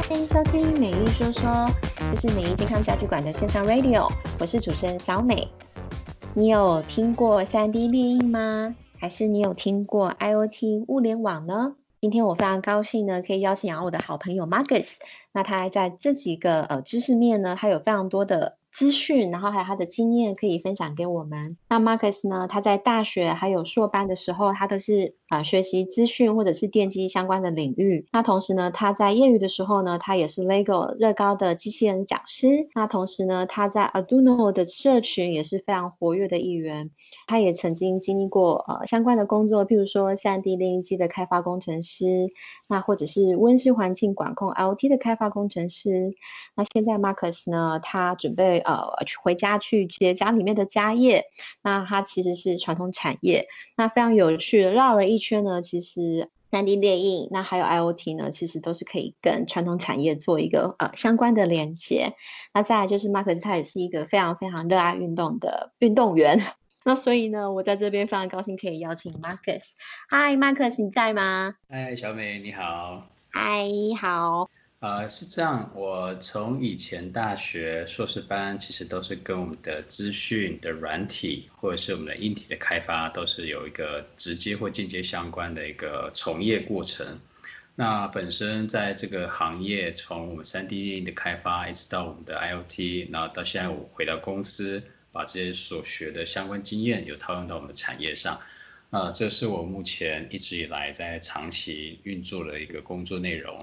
歡迎收聽《美麗說說》，這是美意健康家居館的線上 radio，我是主持人小美。你有聽過三 D 電影嗎？還是你有聽過 IoT 物聯網呢？今天我非常高興呢，可以邀請我的好朋友 Marcus。那他還在這幾個呃知識面呢，他有非常多的資訊，然後還有他的經驗可以分享給我們。那 Marcus 呢，他在大學還有碩班的時候，他都是。學習資訊或者是電機相關的領域。那同時呢，他在業餘的時候呢，他也是 LEGO 樂高的機器人講師。那同時呢，他在 Arduino 的社群也是非常活躍的一員。他也曾經經歷過呃相關的工作，譬如說 3D 列印機的開發工程師，那或者是溫室環境管控 IoT 的開發工程師。那現在 Marcus 呢，他準備呃回家去接家裡面的家業。那他其實是傳統產業，那非常有趣，繞了一。圈呢，其實 3D 列印，那還有 IOT 呢，其實都是可以跟傳統產業做一個呃相關的連接。那再來就是 Marcus，他也是一個非常非常熱愛運動的運動員。那所以呢，我在這邊非常高興可以邀請 Marcus。Hi，Marcus，你在嗎？Hi，小美，你好。Hi，你好。呃，是這樣，我從以前大學碩士班，其實都是跟我們的資訊的軟體或者是我們的硬體的開發，都是有一個直接或間接相關的一個從業過程。那本身在這個行業，從我們三 D 列印的開發，一直到我們的 IoT，然後到現在我回到公司，把這些所學的相關經驗，又套用到我們的產業上。呃，這是我目前一直以來在長期運作的一個工作內容。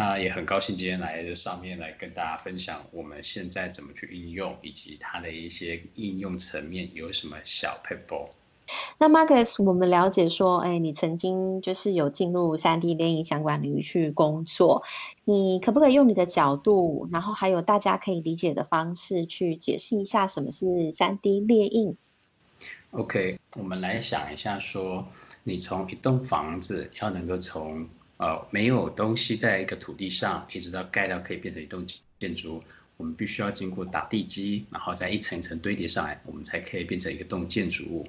那也很高興今天來上面來跟大家分享我們現在怎麼去應用，以及它的一些應用層面有什麼小 people。那 Marcus 我們了解說，哎，你曾經就是有進入三 D 列印相關領域去工作，你可不可以用你的角度，然後還有大家可以理解的方式去解釋一下什麼是三 D 列印？OK，我們來想一下說，你從一棟房子要能夠從。呃，沒有東西在一個土地上，一直到蓋到可以變成一棟建築物，我們必須要經過打地基，然後再一層一層堆疊上來，我們才可以變成一棟建築物。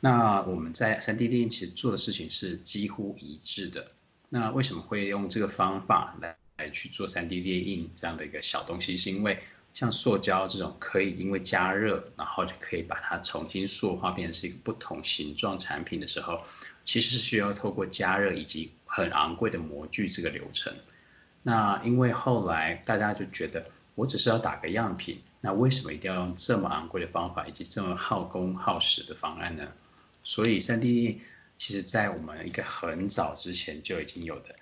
那我們在三 D 列印其實做的事情是幾乎一致的。那為什麼會用這個方法來來去做三 D 列印這樣的一個小東西？是因為像塑膠這種可以因為加熱，然後就可以把它重新塑化變成是一個不同形狀產品的時候，其實是需要透過加熱以及很昂貴的模具這個流程，那因為後來大家就覺得，我只是要打個樣品，那為什麼一定要用這麼昂貴的方法，以及這麼耗工耗時的方案呢？所以，三 D 印其實在我們一個很早之前就已經有的。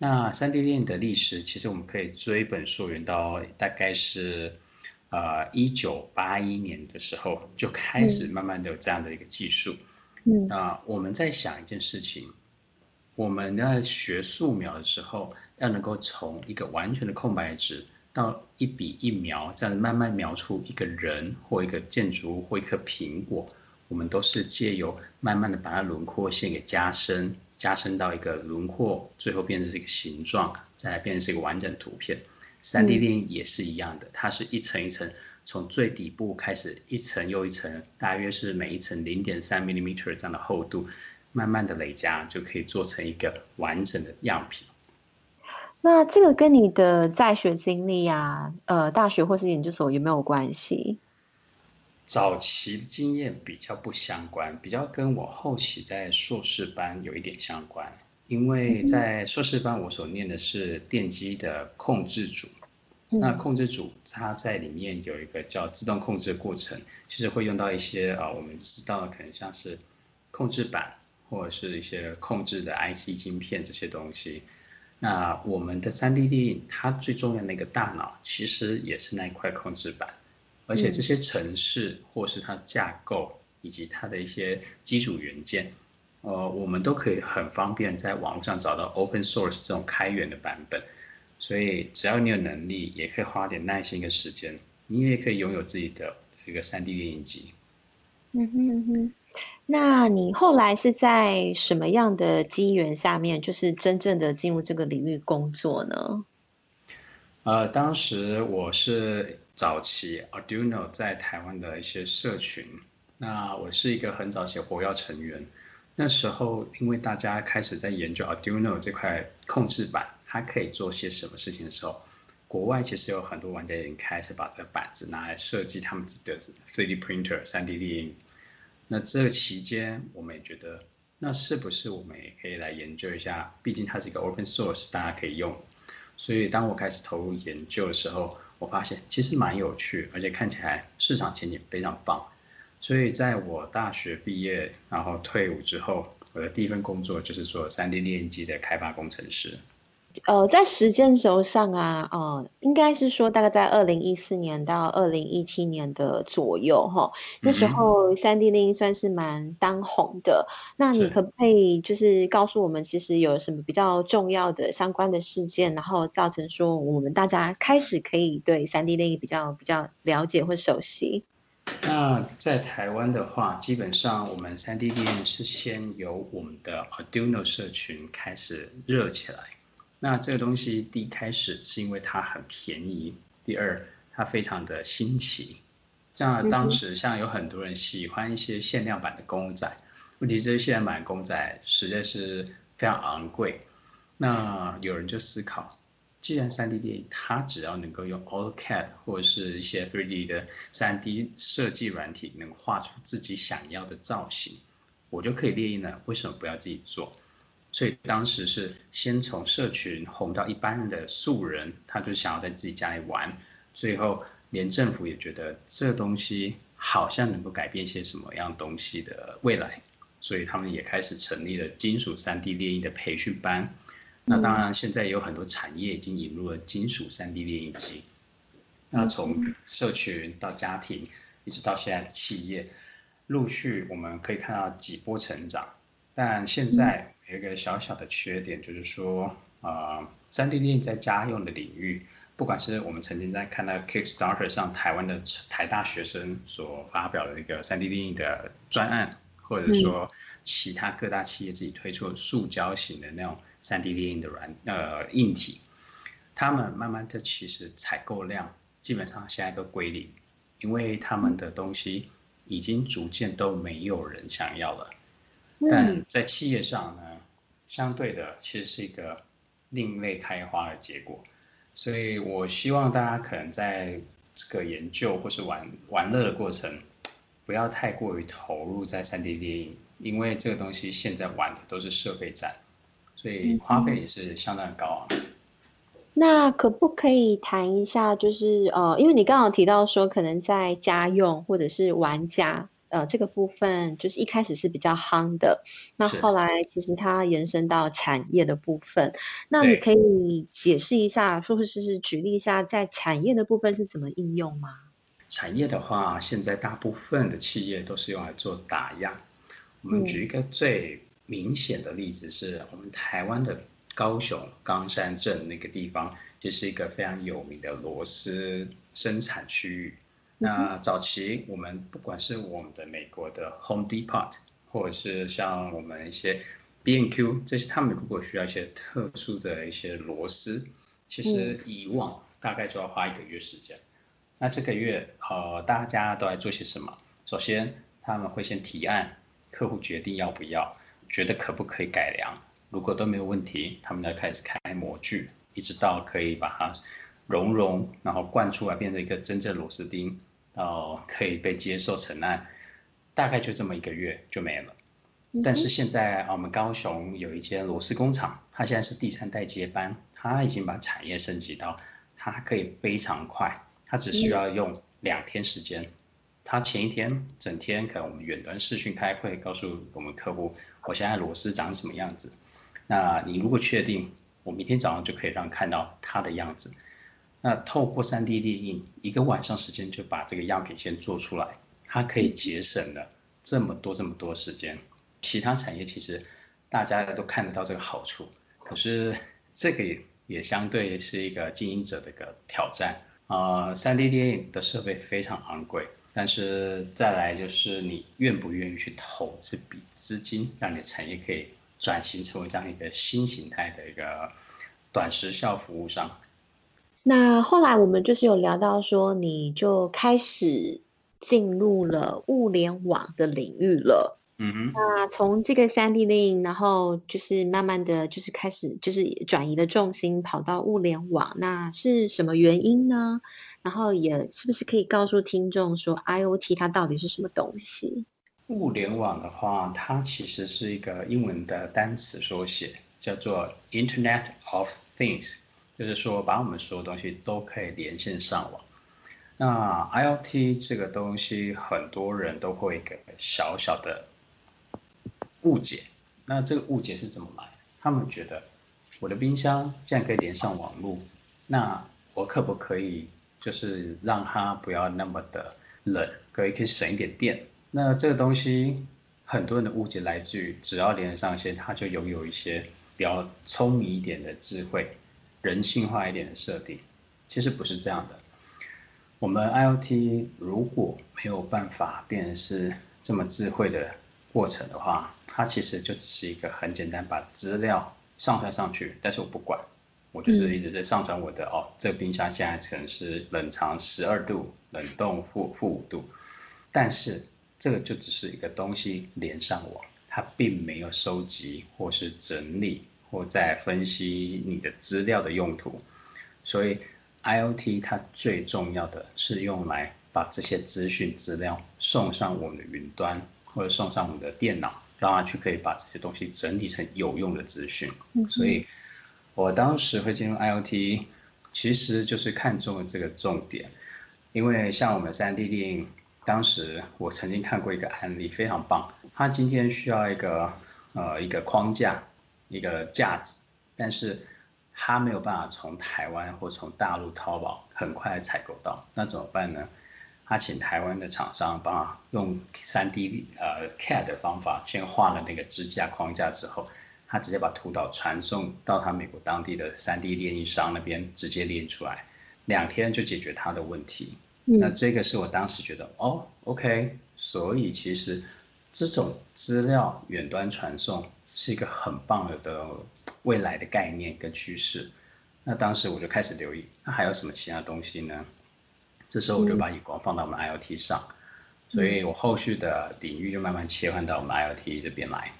那三 D 印的歷史，其實我們可以追本溯源到大概是呃一九八一年的時候，就開始慢慢的有這樣的一個技術。嗯嗯。那我們在想一件事情。我們在學素描的時候，要能夠從一個完全的空白紙，到一筆一描這樣慢慢描出一個人或一個建築物或一顆蘋果，我們都是借由慢慢的把它輪廓線給加深，加深到一個輪廓，最後變成是一個形狀，再來變成是一個完整圖片。三 D 電影也是一樣的，它是一層一層，從最底部開始一層又一層，大約是每一層零點三毫米這樣的厚度。慢慢的累加，就可以做成一個完整的樣品。那這個跟你的在學經歷啊，呃，大學或是研究所有沒有關係？早期經驗比較不相關，比較跟我後期在碩士班有一點相關。因為在碩士班我所念的是電機的控制組，嗯、那控制組它在裡面有一個叫自動控制過程，其實會用到一些啊、呃，我們知道的，可能像是控制板。或者是一些控制的 IC 晶片這些東西，那我們的 3D 列印它最重要的一個大腦，其實也是那一塊控制板，而且這些程式或是它架構以及它的一些基礎元件，呃，我們都可以很方便在網絡上找到 Open Source 這種開源的版本，所以只要你有能力，也可以花點耐心跟時間，你也可以擁有自己的一個 3D 列印機。嗯哼嗯哼。那你後來是在什麼樣的機緣下面，就是真正的進入這個領域工作呢？呃，當時我是早期 Arduino 在台灣的一些社群，那我是一個很早期活躍成員。那時候因為大家開始在研究 Arduino 這塊控制板它可以做些什麼事情的時候，國外其實有很多玩家已經開始把這個板子拿來設計他們自己的 3D printer 3D、3D 列印。那這個期間，我們也覺得，那是不是我們也可以來研究一下？畢竟它是一個 open source，大家可以用。所以當我開始投入研究的時候，我發現其實蠻有趣，而且看起來市場前景非常棒。所以在我大學畢業，然後退伍之後，我的第一份工作就是做 3D 列印機的開發工程師。呃，在時間軸上啊，呃，應該是說，大概在二零一四年到二零一七年的左右哈、哦，那時候三 D 列印算是蠻當紅的嗯嗯。那你可不可以就是告訴我們，其實有什麼比較重要的相關的事件，然後造成說我們大家開始可以對三 D 列印比較比較了解或熟悉？那在台灣的話，基本上我們三 D 列印是先由我們的 Arduino 社群開始熱起來。那這個東西第一開始是因為它很便宜，第二它非常的新奇，像當時像有很多人喜歡一些限量版的公仔，問題就是限量版的公仔實在是非常昂貴，那有人就思考，既然 3D 列印它只要能夠用 AutoCAD 或者是一些 3D 的 3D 設計軟體能畫出自己想要的造型，我就可以列印了，為什麼不要自己做？所以當時是先從社群，紅到一般的素人，他就想要在自己家裡玩。最後連政府也覺得這東西好像能夠改變一些什麼樣東西的未來，所以他們也開始成立了金屬 3D 列印的培訓班。那當然，現在有很多產業已經引入了金屬 3D 列印機。那從社群到家庭，一直到現在的企業，陸續我們可以看到幾波成長。但現在，有一個小小的缺點，就是說，呃，3D 列印在家用的領域，不管是我們曾經在看到 Kickstarter 上台灣的台大學生所發表的一個 3D 列印的專案，或者說其他各大企業自己推出的塑膠型的那種 3D 列印的軟呃硬體，他們慢慢的其實採購量基本上現在都歸零，因為他們的東西已經逐漸都沒有人想要了。但在企業上呢，相對的其實是一個另類開花的結果，所以我希望大家可能在這個研究或是玩玩樂的過程，不要太過於投入在 3D 列印，因為這個東西現在玩的都是設備戰，所以花費也是相當高啊。那可不可以談一下，就是呃，因為你剛好提到說，可能在家用或者是玩家。呃，這個部分就是一開始是比較夯的，那後來其實它延伸到產業的部分，那你可以解釋一下，說是是舉例一下，在產業的部分是怎麼應用嗎？產業的話，現在大部分的企業都是用來做打樣。我們舉一個最明顯的例子是，是、嗯、我們台灣的高雄岡山鎮那個地方，就是一個非常有名的螺絲生產區域。那早期我們不管是我們的美國的 Home Depot，或者是像我們一些 B and Q，這些他們如果需要一些特殊的一些螺絲，其實以往大概就要花一個月時間。那這個月，呃，大家都來做些什麼？首先他們會先提案，客戶決定要不要，覺得可不可以改良。如果都沒有問題，他們就開始開模具，一直到可以把它。熔融，然後灌出來變成一個真正螺絲釘，然、呃、後可以被接受成案，大概就這麼一個月就沒了。嗯、但是現在啊，我們高雄有一間螺絲工廠，它現在是第三代接班，它已經把產業升級到，它可以非常快，它只需要用兩天時間。嗯、它前一天整天可能我們遠端視訊開會，告訴我們客戶，我現在螺絲長什麼樣子。那你如果確定，我明天早上就可以讓看到它的樣子。那透過 3D 列印，一個晚上時間就把這個樣品先做出來，它可以節省了這麼多這麼多時間。其他產業其實大家都看得到這個好處，可是這個也也相對是一個經營者的一個挑戰啊、呃。3D 列印的設備非常昂貴，但是再來就是你願不願意去投這筆資金，讓你的產業可以轉型成為這樣一個新形態的一個短時效服務商。那後來我們就是有聊到說，你就開始進入了物聯網的領域了。嗯哼。那從這個 3D 列印，然後就是慢慢的就是開始就是轉移了重心，跑到物聯網。那是什麼原因呢？然後也是不是可以告訴聽眾說，IoT 它到底是什麼東西？物聯網的話，它其實是一個英文的單詞縮寫，叫做 Internet of Things。就是說，把我們所有東西都可以連線上網。那 IoT 這個東西，很多人都會有小小的誤解。那這個誤解是怎麼來？他們覺得，我的冰箱既然可以連上網絡，那我可不可以就是讓它不要那麼的冷，可以可以省一點電？那這個東西，很多人的誤解來自於，只要連上線，它就擁有一些比較聰明一點的智慧。人性化一點的設定，其實不是這樣的。我們 IoT 如果沒有辦法變成是這麼智慧的過程的話，它其實就只是一個很簡單把資料上傳上去，但是我不管，我就是一直在上傳我的、嗯、哦，這個冰箱現在可能是冷藏十二度，冷凍負負五度，但是這個就只是一個東西連上網，它並沒有收集或是整理。或在分析你的資料的用途，所以 IoT 它最重要的是用來把這些資訊資料送上我們的雲端，或者送上我們的電腦，讓它去可以把這些東西整理成有用的資訊。所以我當時會進入 IoT，其實就是看中了這個重點，因為像我們三 D 電影，當時我曾經看過一個案例，非常棒。它今天需要一個呃一個框架。一個架子，但是他沒有辦法從台灣或從大陸淘寶很快採購到，那怎麼辦呢？他請台灣的廠商幫他用 3D 呃 CAD 的方法先畫了那個支架框架之後，他直接把圖檔傳送到他美國當地的 3D 列印商那邊直接練出來，兩天就解決他的問題。嗯、那這個是我當時覺得哦，OK，所以其實這種資料遠端傳送。是一個很棒的未來的概念跟趨勢，那當時我就開始留意。那還有什麼其他東西呢？這時候我就把眼光放到我們的 IoT 上、嗯，所以我後續的領域就慢慢切換到我們的 IoT 這邊來。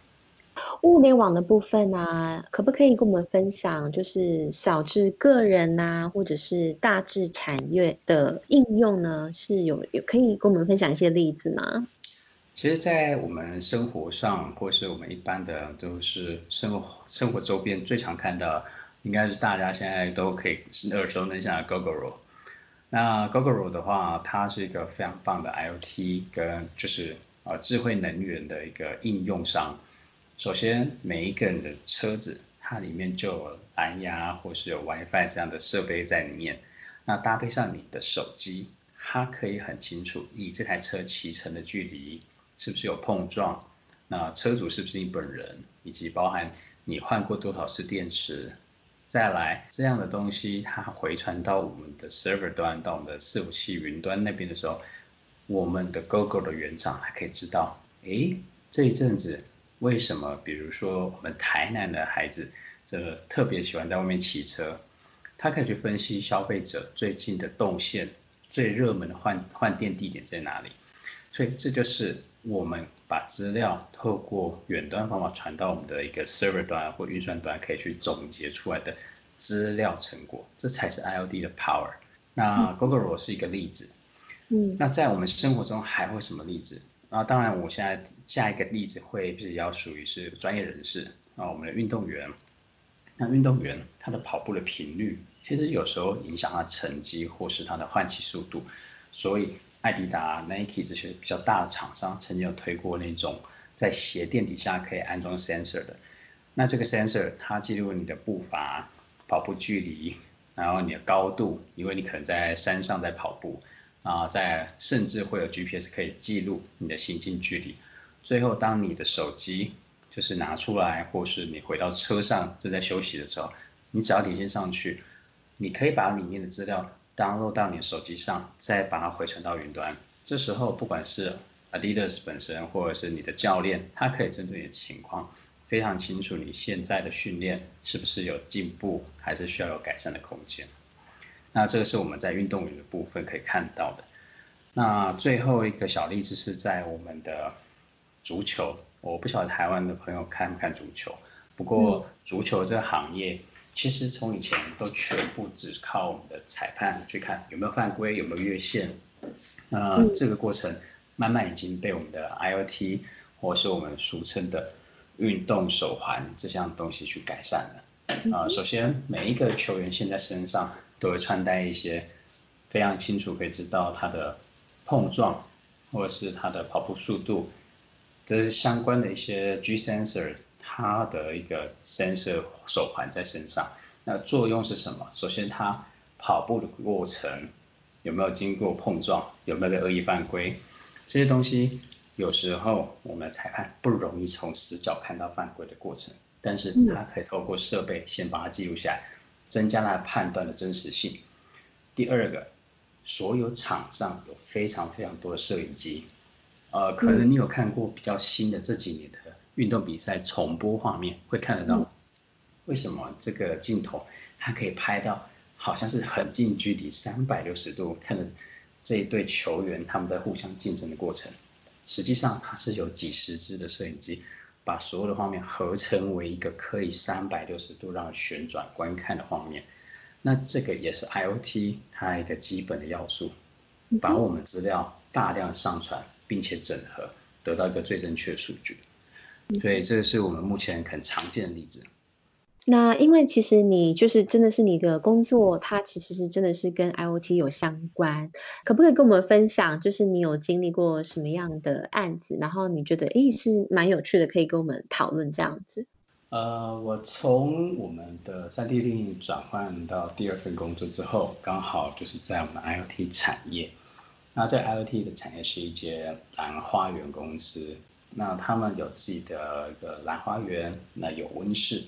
嗯、物聯網的部分呢、啊，可不可以跟我們分享，就是小至個人吶、啊，或者是大至產業的應用呢？是有有可以跟我們分享一些例子嗎？其實，在我們生活上，或是我們一般的，都是生活生活周邊最常看到，應該是大家現在都可以耳熟能詳的 Gogoro。那 Gogoro 的話，它是一個非常棒的 IoT 跟就是、呃、智慧能源的一個應用商。首先，每一個人的車子，它裡面就有藍牙或是有 WiFi 這樣的設備在裡面。那搭配上你的手機，它可以很清楚以這台車騎乘的距離。是不是有碰撞？那車主是不是你本人？以及包含你換過多少次電池？再來這樣的東西，它回傳到我們的 server 端，到我們的伺服器雲端那邊的時候，我們的 Gogo 的原廠還可以知道，誒、欸，這一陣子為什麼？比如說我們台南的孩子，這特別喜歡在外面騎車，他可以去分析消費者最近的動線，最熱門的換換電地點在哪裡？所以這就是我們把資料透過遠端方法傳到我們的一個 server 端或運算端，可以去總結出來的資料成果，這才是 IoT 的 power。那 Gogoro 是一個例子，嗯，那在我們生活中還會什麼例子？嗯、啊，當然，我現在下一個例子會比較屬於是專業人士啊，我們的運動員。那運動員他的跑步的頻率，其實有時候影響他成績或是他的換氣速度，所以。愛迪達、Nike 這些比較大的廠商，曾經有推過那種在鞋墊底下可以安裝 sensor 的。那這個 sensor 它記錄你的步伐、跑步距離，然後你的高度，因為你可能在山上在跑步啊，在甚至會有 GPS 可以記錄你的行進距離。最後當你的手機就是拿出來，或是你回到車上正在休息的時候，你只要連線上去，你可以把裡面的資料。Download 到你手機上，再把它回傳到雲端。這時候，不管是 Adidas 本身，或者是你的教練，他可以針對你的情況，非常清楚你現在的訓練是不是有進步，還是需要有改善的空間。那這個是我們在運動員的部分可以看到的。那最後一個小例子是在我們的足球。我不曉得台灣的朋友看不看足球，不過足球這個行業。嗯其實從以前都全部只靠我們的裁判去看有沒有犯規，有沒有越線，那、呃嗯、這個過程慢慢已經被我們的 IoT 或是我們俗稱的運動手環這項東西去改善了。啊、呃，首先每一個球員現在身上都會穿戴一些非常清楚可以知道他的碰撞或者是他的跑步速度，這是相關的一些 G-sensor。他的一個 sensor 手環在身上，那作用是什麼？首先，他跑步的過程有沒有經過碰撞，有沒有被惡意犯規，這些東西有時候我們的裁判不容易從死角看到犯規的過程，但是他可以透過設備先把它記錄下來，嗯，增加他判斷的真實性。第二個，所有場上有非常非常多的攝影機，呃，可能你有看過比較新的這幾年的。運動比賽重播畫面會看得到，為什麼這個鏡頭它可以拍到好像是很近距離三百六十度，看著這一對球員他們在互相競爭的過程，實際上它是有幾十隻的攝影機，把所有的畫面合成為一個可以三百六十度讓旋轉觀看的畫面。那這個也是 IoT 它一個基本的要素，把我們資料大量上傳並且整合，得到一個最正確的數據。對，這個是我們目前很常見的例子。那因為其實你就是真的是你的工作，它其實是真的是跟 IOT 有相關，可不可以跟我們分享，就是你有經歷過什麼樣的案子，然後你覺得誒是蠻有趣的，可以跟我們討論這樣子？呃，我從我們的三 D 列印轉換到第二份工作之後，剛好就是在我們 IOT 產業，那在 IOT 的產業是一間藍花園公司。那他們有自己的一個蘭花園，那有溫室，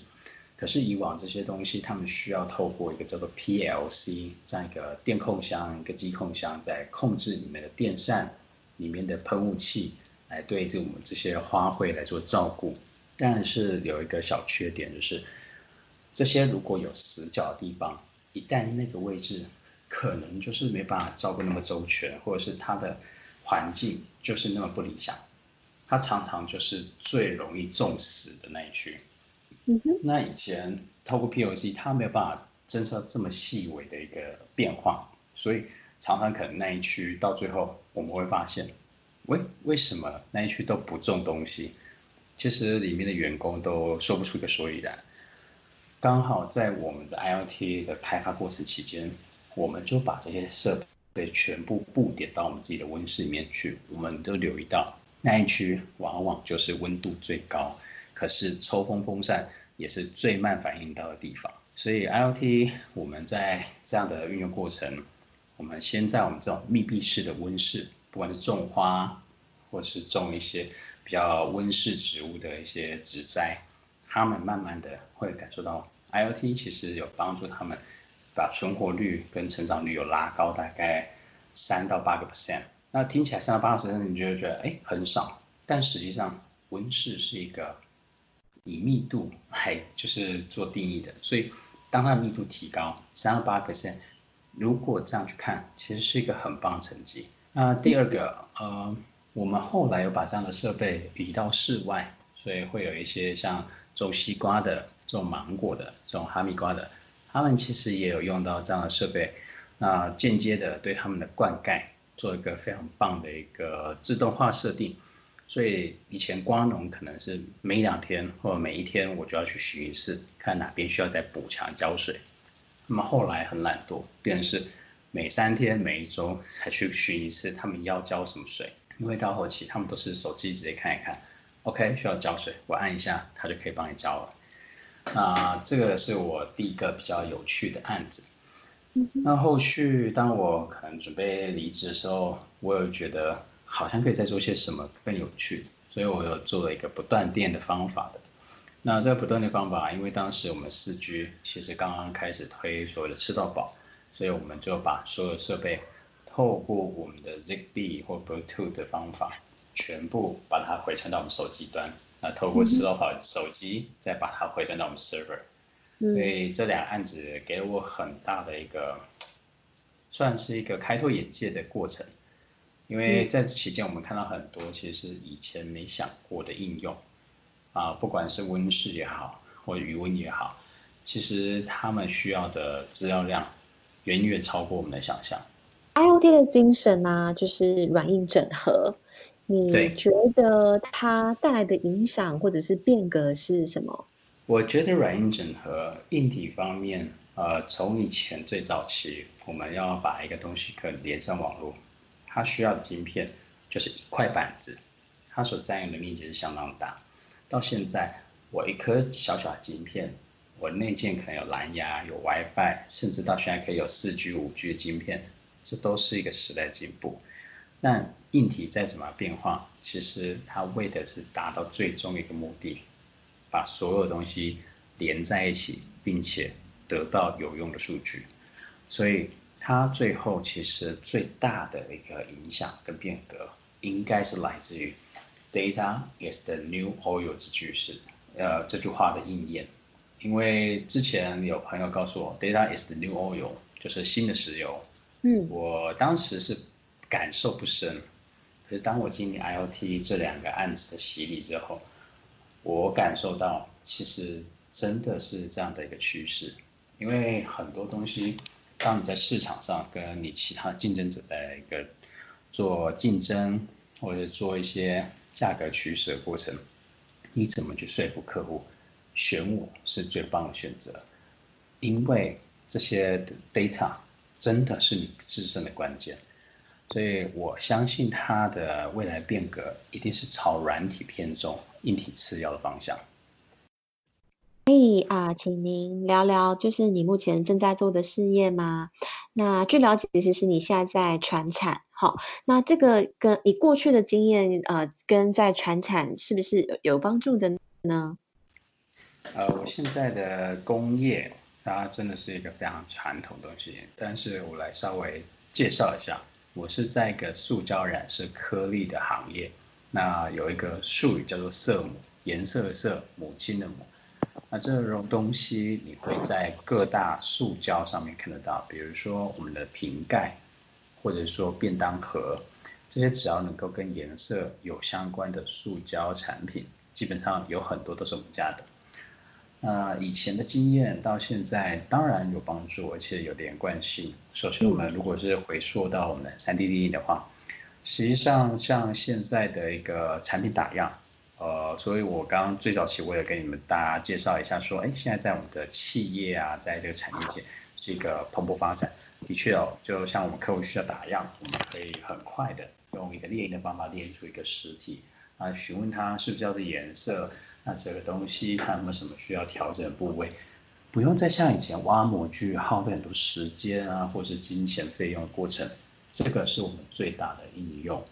可是以往這些東西，他們需要透過一個叫做 PLC 這樣一個電控箱，一個機控箱，在控制裡面的電扇，裡面的噴霧器，來對這我們這些花卉來做照顧。但是有一個小缺點就是，這些如果有死角的地方，一旦那個位置可能就是沒辦法照顧那麼周全，或者是它的環境就是那麼不理想。它常常就是最容易種死的那一區，嗯。那以前透過 PLC，它沒有辦法偵測這麼細微的一個變化，所以常常可能那一區到最後我們會發現，喂，為什麼那一區都不種東西？其實裡面的員工都說不出一個所以然。剛好在我們的 IoT 的開發過程期間，我們就把這些設備全部布點到我們自己的溫室裡面去，我們都留意到。那一區往往就是溫度最高，可是抽風風扇也是最慢反應到的地方。所以 IoT 我們在這樣的運用過程，我們先在我們這種密閉式的溫室，不管是種花或是種一些比較溫室植物的一些植栽，他們慢慢的會感受到 IoT 其實有幫助他們把存活率跟成長率有拉高大概三到八個 percent。那聽起來三到八個百分點你就會覺得哎、欸、很少。但實際上，溫室是一個以密度來就是做定義的，所以當它的密度提高三到八個百分點，如果這樣去看，其實是一個很棒的成績。那第二個，呃，我們後來有把這樣的設備移到室外，所以會有一些像種西瓜的、種芒果的、種哈密瓜的，他們其實也有用到這樣的設備，那、呃、間接的對他們的灌溉。做一個非常棒的一個自動化設定，所以以前光農可能是每兩天或者每一天我就要去巡一次，看哪邊需要再補強澆水。那麼後來很懶惰，變成是每三天、每一周才去巡一次，他們要澆什麼水。因為到後期他們都是手機直接看一看，OK 需要澆水，我按一下，它就可以幫你澆了。呃，那這個是我第一個比較有趣的案子。那後續當我可能準備離職的時候，我有覺得好像可以再做些什麼更有趣，所以我有做了一個不斷電的方法的。那這個不斷電的方法，因為當時我們四 G 其實剛剛開始推所謂的吃到飽，所以我們就把所有設備透過我們的 Zigbee 或 Bluetooth 的方法，全部把它回傳到我們手機端，那透過吃到飽手機再把它回傳到我們 server。所以這倆案子給了我很大的一個，算是一個開拓眼界的過程。因為在此期間，我們看到很多其實以前沒想過的應用，啊，不管是溫室也好，或魚塭也好，其實他們需要的資料量遠遠超過我們的想象。IOT 的精神呢，啊，就是軟硬整合。你覺得它帶來的影響或者是變革是什麼？我覺得軟硬整合，硬體方面，呃，從以前最早期，我們要把一個東西可以連上網絡，它需要的晶片就是一塊板子，它所占用的面積是相當大。到現在，我一顆小小的晶片，我內建可能有藍牙、有 WiFi，甚至到現在可以有 4G、5G 的晶片，這都是一個時代進步。但硬體再怎麼變化，其實它為的是達到最終一個目的。把所有東西連在一起，並且得到有用的數據，所以它最後其實最大的一個影響跟變革，應該是來自於 data is the new oil 這句是呃這句話的應驗。因為之前有朋友告訴我 data is the new oil 就是新的石油，嗯，我當時是感受不深，可是當我經歷 IoT 這兩個案子的洗禮之後。我感受到，其實真的是這樣的一個趨勢，因為很多東西，當你在市場上跟你其他競爭者的一個做競爭，或者做一些價格取捨的過程，你怎麼去說服客戶選我是最棒的選擇？因為這些 data 真的是你自身的關鍵。所以我相信他的未來變革一定是朝軟體偏重、硬體次要的方向。可以啊、呃，請您聊聊就是你目前正在做的事業嗎？那據了解，其實是你現在在傳產。好、哦，那這個跟你過去的經驗呃，跟在傳產是不是有幫助的呢？呃，我現在的工業它真的是一個非常傳統的東西，但是我來稍微介紹一下。我是在一個塑膠染色顆粒的行業，那有一個術語叫做色母，顏色的色，母親的母，那這種東西你會在各大塑膠上面看得到，比如說我們的瓶蓋，或者說便當盒，這些只要能夠跟顏色有相關的塑膠產品，基本上有很多都是我們家的。啊、呃，以前的經驗到現在當然有幫助，而且有連貫性。首先，我們如果是回溯到我們三 D 列印的話，實際上像現在的一個產品打樣，呃，所以我剛最早期我也給你們大家介紹一下，說，哎、欸，現在在我們的企業啊，在這個產業界是一個蓬勃發展。的確哦，就像我們客戶需要打樣，我們可以很快的用一個列印的方法列出一個實體，啊、呃，詢問他是不是要這顏色。那這個東西，看有沒有什麼需要調整的部位，不用再像以前挖模具，耗費很多時間啊，或是金錢費用的過程。這個是我們最大的應用。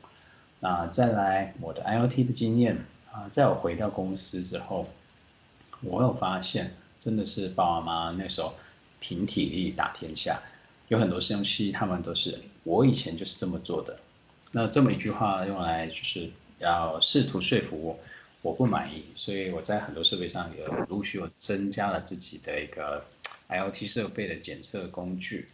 那再來，我的 IOT 的經驗啊，在我回到公司之後，我有發現，真的是爸爸媽媽那時候憑體力打天下，有很多東西他們都是，我以前就是這麼做的。那這麼一句話用來，就是要試圖說服我。我不滿意，所以我在很多設備上也陸續有增加了自己的一個 IoT 設備的檢測工具。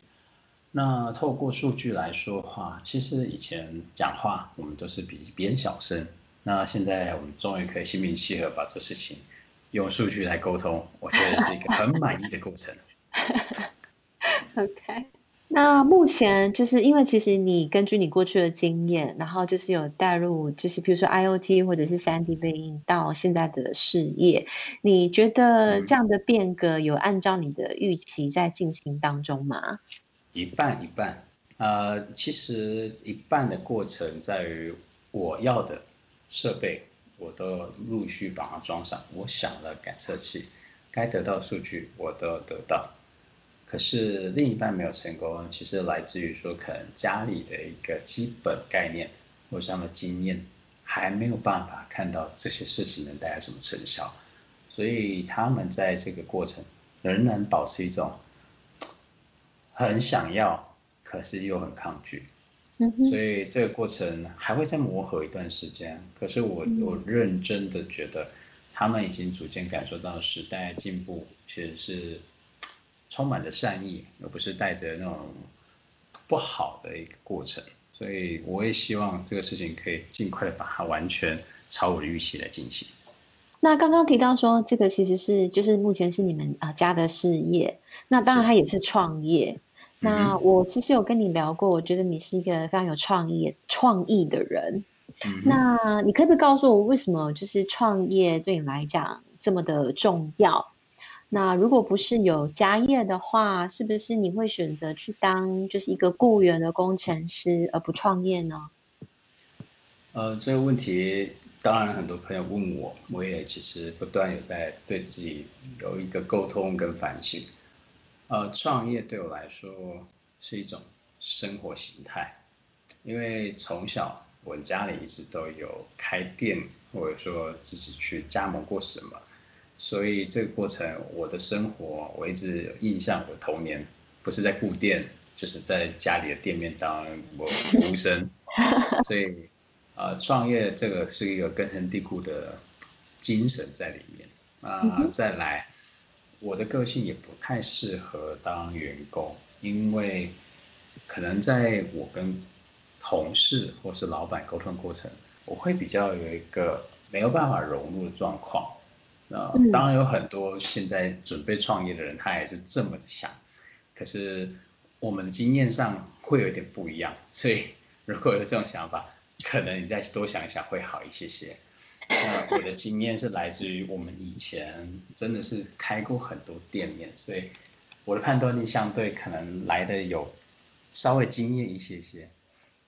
那透過數據來說話，其實以前講話我們都是比別人小聲，那現在我們終於可以心平氣和把這事情用數據來溝通，我覺得是一個很滿意的過程。 OK。那目前就是因為其實你根據你過去的經驗，然後就是有帶入，就是比如說 IoT 或者是三 D 打印，到現在的事業，你覺得這樣的變革有按照你的預期在進行當中嗎？嗯、一半一半，呃，其實一半的過程在於我要的設備我都陸續把它裝上，我想要的感測器，該得到數據我都要得到。可是另一半沒有成功，其實來自於說，可能家裡的一個基本概念，或者他們經驗，還沒有辦法看到這些事情能帶來什麼成效，所以他們在這個過程仍然保持一種很想要，可是又很抗拒，所以這個過程還會再磨合一段時間。可是我我認真的覺得，他們已經逐漸感受到時代進步，其實是。充滿着善意，而不是帶着那種不好的一個過程，所以我也希望這個事情可以儘快的把它完全超我的預期來進行。那剛剛提到說，這個其實是就是目前是你們啊家的事業，那當然它也是創業是。那我其實有跟你聊過，mm -hmm. 我覺得你是一個非常有創意、創意的人。Mm -hmm. 那你可不可以告訴我，為什麼就是創業對你來講這麼的重要？那如果不是有家業的話，是不是你會選擇去當就是一個僱員的工程師，而不創業呢？呃，這個問題當然很多朋友問我，我也其實不斷有在對自己有一個溝通跟反省。呃，創業對我來說是一種生活形態，因為從小我們家裡一直都有開店，或者說自己去加盟過什麼。所以這個過程，我的生活我一直有印象，我童年不是在顧店，就是在家裡的店面當服務生。 所以，呃，創業這個是一個根深蒂固的精神在裡面啊、呃。再來，我的個性也不太適合當員工，因為可能在我跟同事或是老闆溝通過程，我會比較有一個沒有辦法融入的狀況。啊，當然有很多現在準備創業的人、嗯，他也是這麼想，可是我們的經驗上會有點不一樣，所以如果有這種想法，可能你再多想一想會好一些些。那我的經驗是來自於我們以前真的是開過很多店面，所以我的判斷力相對可能來得有稍微經驗一些些。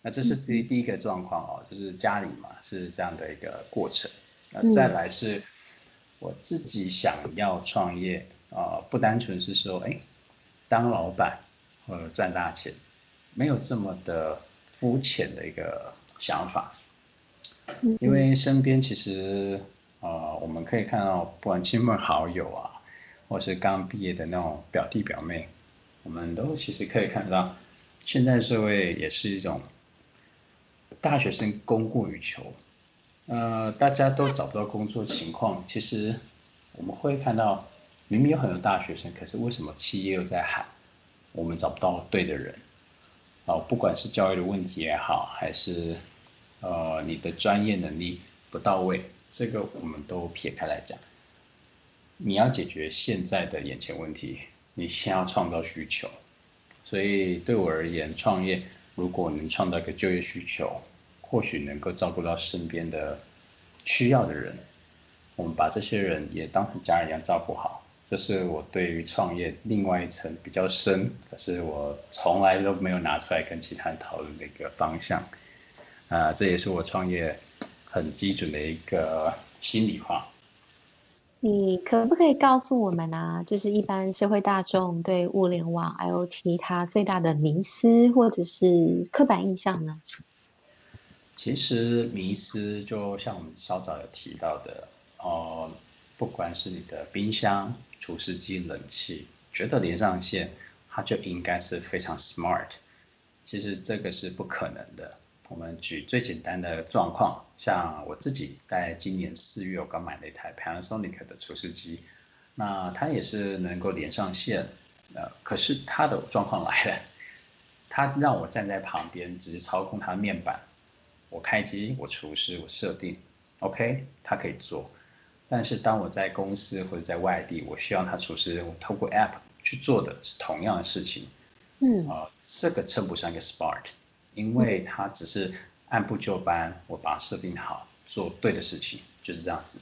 那這是第一第一個狀況、嗯、哦，就是家裡嘛，是這樣的一個過程，那再來是。嗯我自己想要創業啊、呃，不單純是說哎、欸、當老闆或者賺大錢，沒有這麼的膚淺的一個想法。因為身邊其實呃我們可以看到，不管親朋好友啊，或是剛畢業的那種表弟表妹，我們都其實可以看得到，現在社會也是一種大學生供過於求。呃，大家都找不到工作情況，其實我們會看到，明明有很多大學生，可是為什麼企業又在喊我們找不到對的人？哦，不管是教育的問題也好，還是呃你的專業能力不到位，這個我們都撇開來講。你要解決現在的眼前問題，你先要創造需求。所以對我而言，創業如果能創造一個就業需求，或許能夠照顧到身邊的需要的人，我們把這些人也當成家人一樣照顧好。這是我對於創業另外一層比較深，可是我從來都沒有拿出來跟其他人討論的一個方向。啊、呃，這也是我創業很基準的一個心裡話。你可不可以告訴我們啊？就是一般社會大眾對物聯網 IoT 它最大的迷思或者是刻板印象呢？其實，迷思就像我們稍早有提到的，哦、呃，不管是你的冰箱、除濕機、冷氣，覺得連上線，它就應該是非常 smart。其實這個是不可能的。我們舉最簡單的狀況，像我自己在今年四月，我剛買了一台 Panasonic 的除濕機，那它也是能夠連上線，呃，可是它的狀況來了，它讓我站在旁邊，直接操控它的面板。我開機，我除濕，我設定，OK，它可以做。但是當我在公司或者在外地，我需要他除濕，我透過 APP 去做的是同樣的事情。嗯。啊、呃，這個稱不上一個 smart，因為它只是按部就班，我把它設定好，做對的事情，就是這樣子。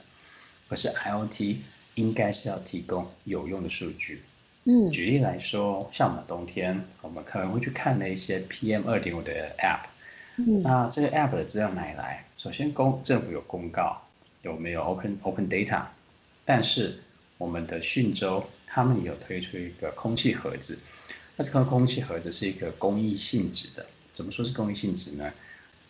可是 IoT 應該是要提供有用的數據。嗯。舉例來說，像我們冬天，我們可能會去看那些 PM 二點五的 APP。那這個 app 的資料哪來？首先公政府有公告有沒有 open open data？但是我們的訊舟他們有推出一個空氣盒子，那這個空氣盒子是一個公益性質的，怎麼說是公益性質呢？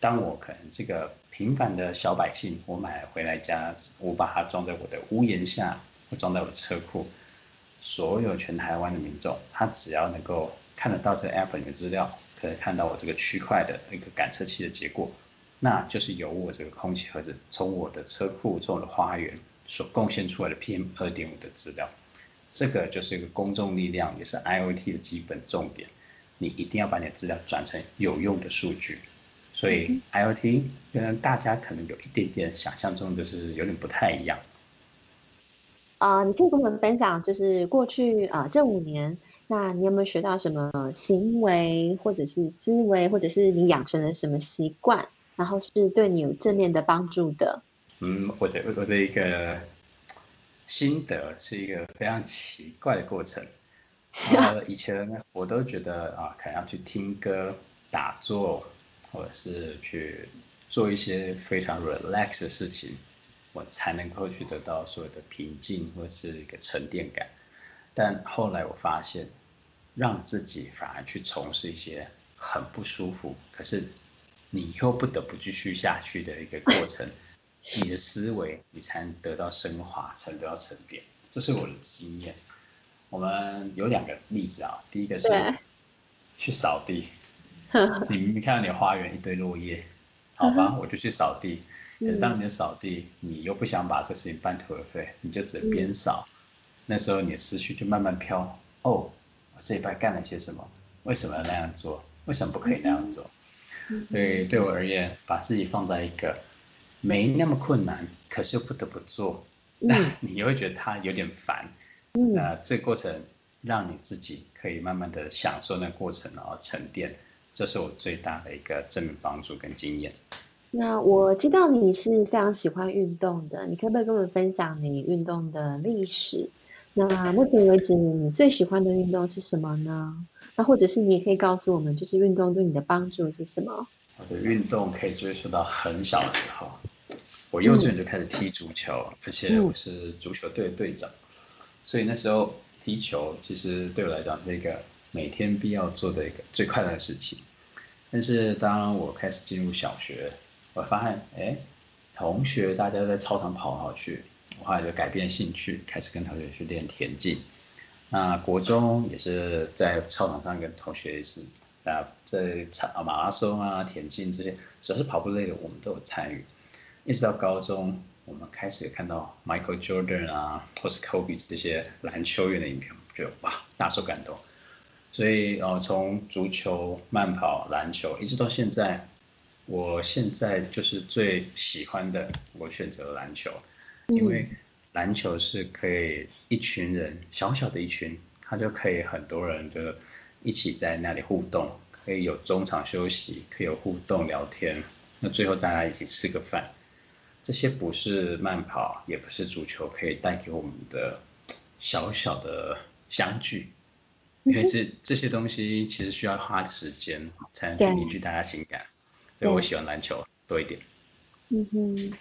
當我可能這個平凡的小百姓，我買回來家，我把它裝在我的屋檐下，我裝在我的車庫，所有全台灣的民眾，他只要能夠看得到這個 app 的資料。可以看到我這個區塊的那個感測器的結果，那就是由我這個空氣盒子從我的車庫、從我的花園所貢獻出來的 PM 2.5的資料。這個就是一個公眾力量，也是 IoT 的基本重點。你一定要把你的資料轉成有用的數據。所以 IoT 跟大家可能有一點點想象中就是有點不太一樣。啊、嗯嗯，你可以跟我們分享，就是過去啊、呃、這五年，那你有沒有學到什麼行為，或者是思維，或者是你養成了什麼習慣，然後是對你有正面的幫助的？嗯，我的我的一個心得是一個非常奇怪的過程。嗯、 以前呢，我都覺得啊，可能要去聽歌、打坐，或者是去做一些非常 relax 的事情，我才能夠去得到所有的平靜或是一個沉澱感。但後來我發現。讓自己反而去從事一些很不舒服，可是你又不得不繼續下去的一個過程， 你的思維，你才能得到升華，才能得到沉澱。這是我的經驗。我們有兩個例子啊，第一個是去掃地，你明明看到你的花園一堆落葉， 好吧，我就去掃地。 可是當你的掃地，你又不想把這事情半途而廢，你就只邊掃， 那時候你的思緒就慢慢飄，哦。這一輩幹了些什麼？為什麼要那樣做？為什麼不可以那樣做？對對我而言，把自己放在一個沒那麼困難，可是又不得不做，那你會覺得他有點煩。那、嗯呃、這個、過程讓你自己可以慢慢的享受那過程，然後沉澱，這是我最大的一個正面幫助跟經驗。那我知道你是非常喜歡運動的，你可不可以跟我們分享你運動的歷史？那目前為止，你最喜歡的運動是什麼呢？那、啊、或者是你也可以告訴我們，就是運動對你的幫助是什麼？我的運動可以追溯到很小的時候，我幼稚園就開始踢足球，嗯、而且我是足球隊隊長、嗯，所以那時候踢球其實對我來講是一個每天必要做的一個最快樂的事情。但是當我開始進入小學，我發現，哎、欸，同學大家都在操場跑來跑去。話就改變興趣，開始跟同學去練田徑。那國中也是在操場上跟同學也是啊，在場，啊馬拉松啊田徑這些，只要是跑步類的，我們都有參與。一直到高中，我們開始看到 Michael Jordan 啊，或是 Kobe 這些籃球員的影片，就哇大受感動。所以呃，從足球、慢跑、籃球，一直到現在，我現在就是最喜歡的，我選擇籃球。因為籃球是可以一群人，小小的一群，他就可以很多人就一起在那裡互動，可以有中場休息，可以有互動聊天，那最後大家一起吃個飯，這些不是慢跑，也不是足球可以帶給我們的小小的相聚，因為這這些東西其實需要花時間才能去凝聚大家情感，所以我喜歡籃球多一點。嗯哼。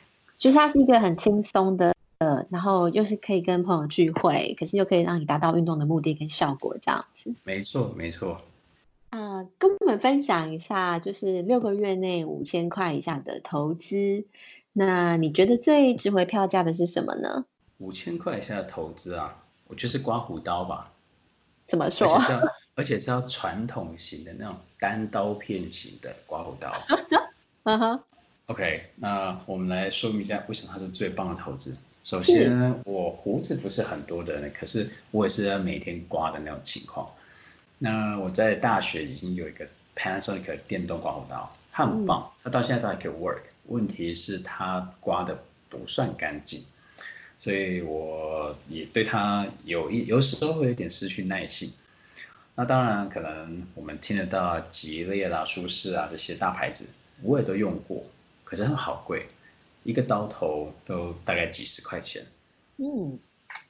就是它是一個很輕鬆的，呃，然後又是可以跟朋友聚會，可是又可以讓你達到運動的目的跟效果這樣子。沒錯，沒錯。啊、呃，跟我們分享一下，就是六個月內五千塊以下的投資，那你覺得最值回票價的是什麼呢？五千塊以下的投資啊，我就是刮鬍刀吧。怎麼說？而且是要，而且是要傳統型的那種單刀片型的刮鬍刀。 OK，那我們來說明一下為什麼它是最棒的投資。首先、嗯，我鬍子不是很多的呢，可是我也是要每天刮的那種情況。那我在大學已經有一個 Panasonic 電動刮鬍刀，很棒，它、嗯、到現在都還可以 work。問題是它刮的不算乾淨，所以我也對它有一有時候會有點失去耐性。那當然，可能我們聽得到吉列啦、舒適啊這些大牌子，我也都用過。可是它好貴，一個刀頭都大概幾十塊錢。嗯。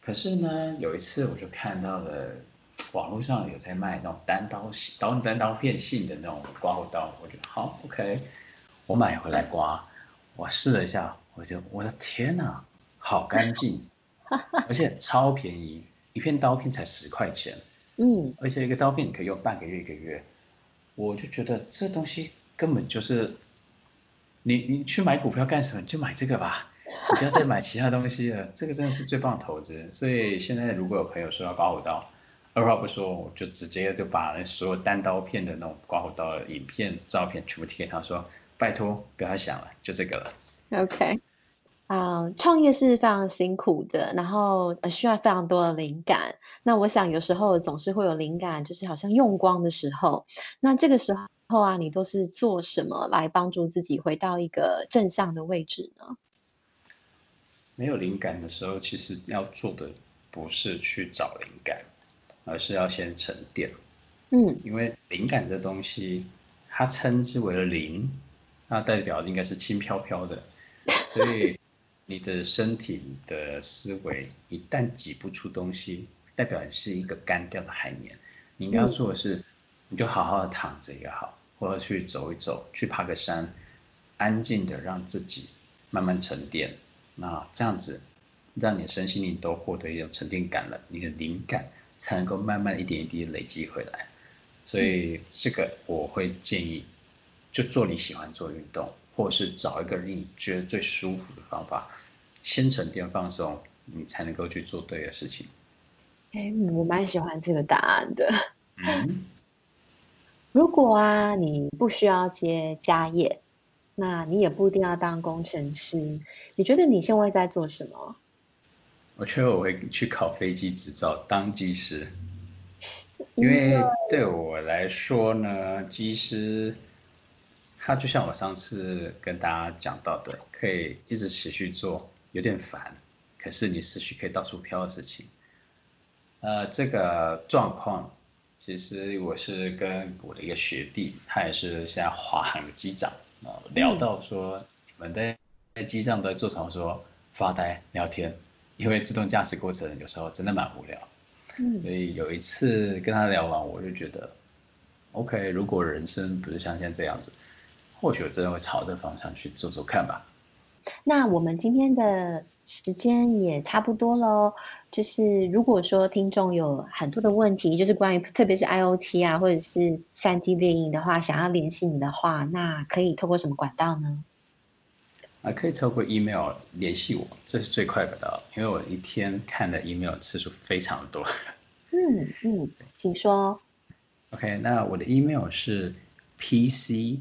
可是呢，有一次我就看到了網絡上有在賣那種單刀型刀單刀片性的那種刮鬍刀，我覺得好 OK。我買回來刮，我試了一下，我就我的天哪、啊，好乾淨，而且超便宜， 一片刀片才十塊錢。嗯。而且一個刀片可以用半個月一個月，我就覺得這東西根本就是。你你去買股票幹什麼？就買這個吧，不要再買其他東西了。 這個真的是最棒的投資。所以現在如果有朋友說要刮鬍刀，二話不說我就直接就把那所有單刀片的那種刮鬍刀影片、照片全部貼給他說，拜托，不要想了，就這個了。Okay. 啊，uh，創業是非常辛苦的，然後呃，需要非常多的靈感。那我想有時候總是會有靈感，就是好像用光的時候，那這個時候啊，你都是做什麼來幫助自己回到一個正向的位置呢？沒有靈感的時候，其實要做的不是去找靈感，而是要先沉澱。嗯，因為靈感這東西，它稱之為靈，那代表的應該是輕飄飄的，所以。 你的身體的思維一旦擠不出東西，代表你是一個乾掉的海綿。你應該要做的是，你就好好的躺着也好，或者去走一走，去爬個山，安靜的讓自己慢慢沉澱。那這樣子，讓你身心靈都獲得一種沉澱感了，你的靈感才能夠慢慢一點一滴累積回來。所以這個我會建議，就做你喜歡做運動。或是找一個令你覺得最舒服的方法，先沉澱放鬆，你才能夠去做對的事情。哎、欸，我蠻喜歡這個答案的。嗯。如果啊，你不需要接家業，那你也不一定要當工程師。你覺得你現在在做什麼？我覺得我會去考飛機執照，當機師。因為對我來說呢，機師。他就像我上次跟大家講到的，可以一直持續做，有點煩，可是你思緒可以到處飄的事情。呃，這個狀況，其實我是跟我的一個學弟，他也是現在華航的機長，聊到說，你們在在機上的座艙說發呆聊天，因為自動駕駛過程有時候真的蠻無聊。嗯。所以有一次跟他聊完，我就覺得，OK，如果人生不是像現在這樣子。或許我真的會朝這個方向去做做看吧。那我們今天的時間也差不多了，就是如果說聽眾有很多的問題，就是關於特別是 IOT 啊或者是三 D 列印的話，想要聯繫你的話，那可以透過什麼管道呢？啊，可以透過 email 聯繫我，這是最快管道，因為我一天看的 email 次數非常多。嗯嗯，請說。OK，那我的 email 是 PC。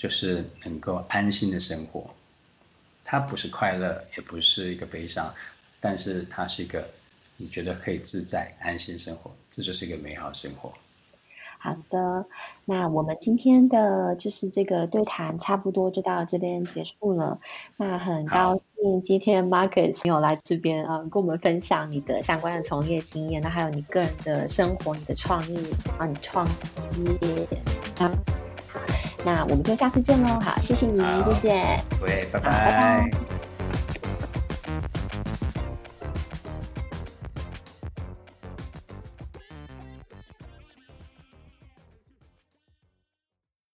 就是能夠安心的生活，它不是快樂，也不是一個悲傷，但是它是一個你覺得可以自在、安心生活，這就是一個美好生活。好的，那我們今天的就是這個對談差不多就到這邊結束了。那很高興今天 Marcus 有來這邊啊、嗯，跟我們分享你的相關的從業經驗，那還有你個人的生活、你的創意啊，然後你創業啊。嗯那我們就下次見嘍！好，謝謝你，謝謝，對，拜拜。